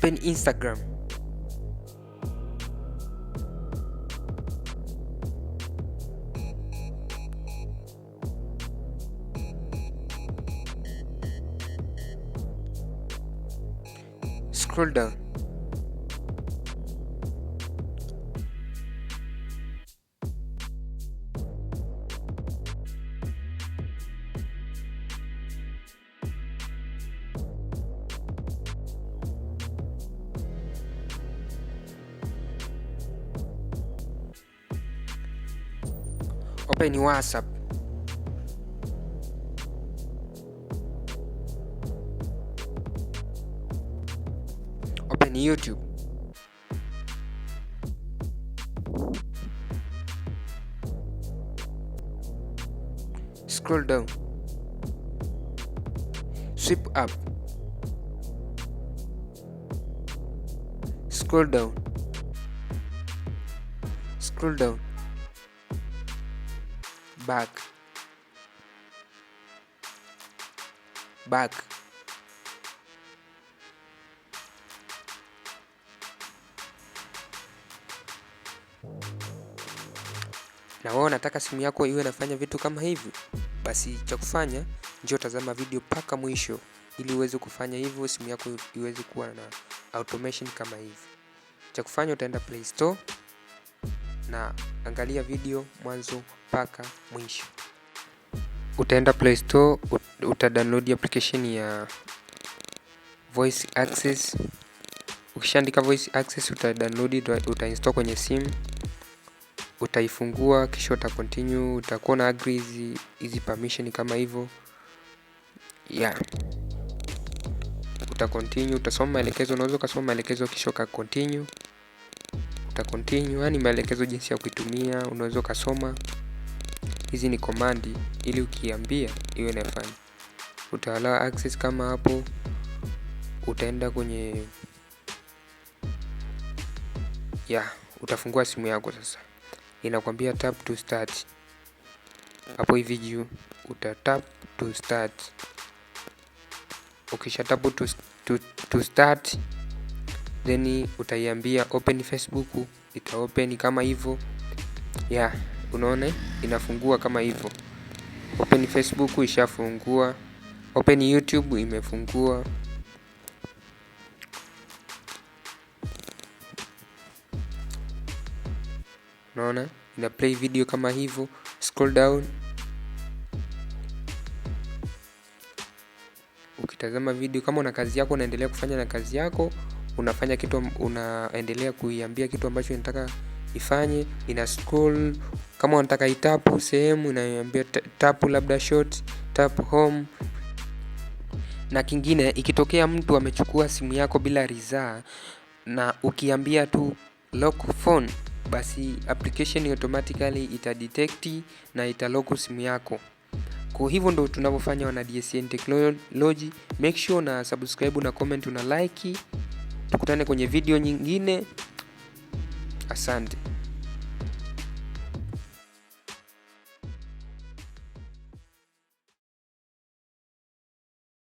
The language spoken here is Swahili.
open Instagram. Scroll down open your WhatsApp. Open YouTube. Scroll down. Sweep up. Scroll down. Scroll down. back back na wewe unataka simu yako iwe inafanya vitu kama hivi, basi cha kufanya njoo tazama video mpaka mwisho ili uweze kufanya hivyo, simu yako iweze kuwa na automation kama hivi. Cha kufanya utaenda Play Store na angalia video mwanzo mpaka mwisho. Utaenda Play Store, download application ya Voice Access. Ukishaandika Voice Access uta install kwenye simu, utaifungua kisha uta continue, utakuwa na agree hizi hizi permission kama hivyo yeah. Uta continue, utasoma maelekezo, unaweza ukasoma maelekezo kisha uka continue uta continue, yani maelekezo jinsi ya kuitumia, unaweza ukasoma. Hizi ni komandi ili ukiambia iwe inafanya. utaala access kama hapo, utaenda kwenye ya utafungua simu yako sasa, inakwambia tap to start hapo hivi juu, uta tap to start. Ukisha tap to, to, to start then utaiambia open Facebook open kama hivyo ya yeah, unaona inafungua kama hivyo. Open Facebook ishafungua, open YouTube imefungua. Unaona ina play video kama hivyo, scroll down ukitazama video. Kama una kazi yako unaendelea kufanya na kazi yako unafanya kitu, unaendelea kuiambia kitu ambacho inataka ifanye, ina scroll. Kama unataka itapu sehemu, inaambia tapu labda short, tap home. Na kingine, ikitokea mtu amechukua simu yako bila ridhaa na ukiambia tu lock phone, basi application automatically itadetect na italock simu yako. Kwa hivyo ndo tunavyofanya wana DSN Technology. Make sure na subscribe na comment, una like. Tukutane kwenye video nyingine. Asante.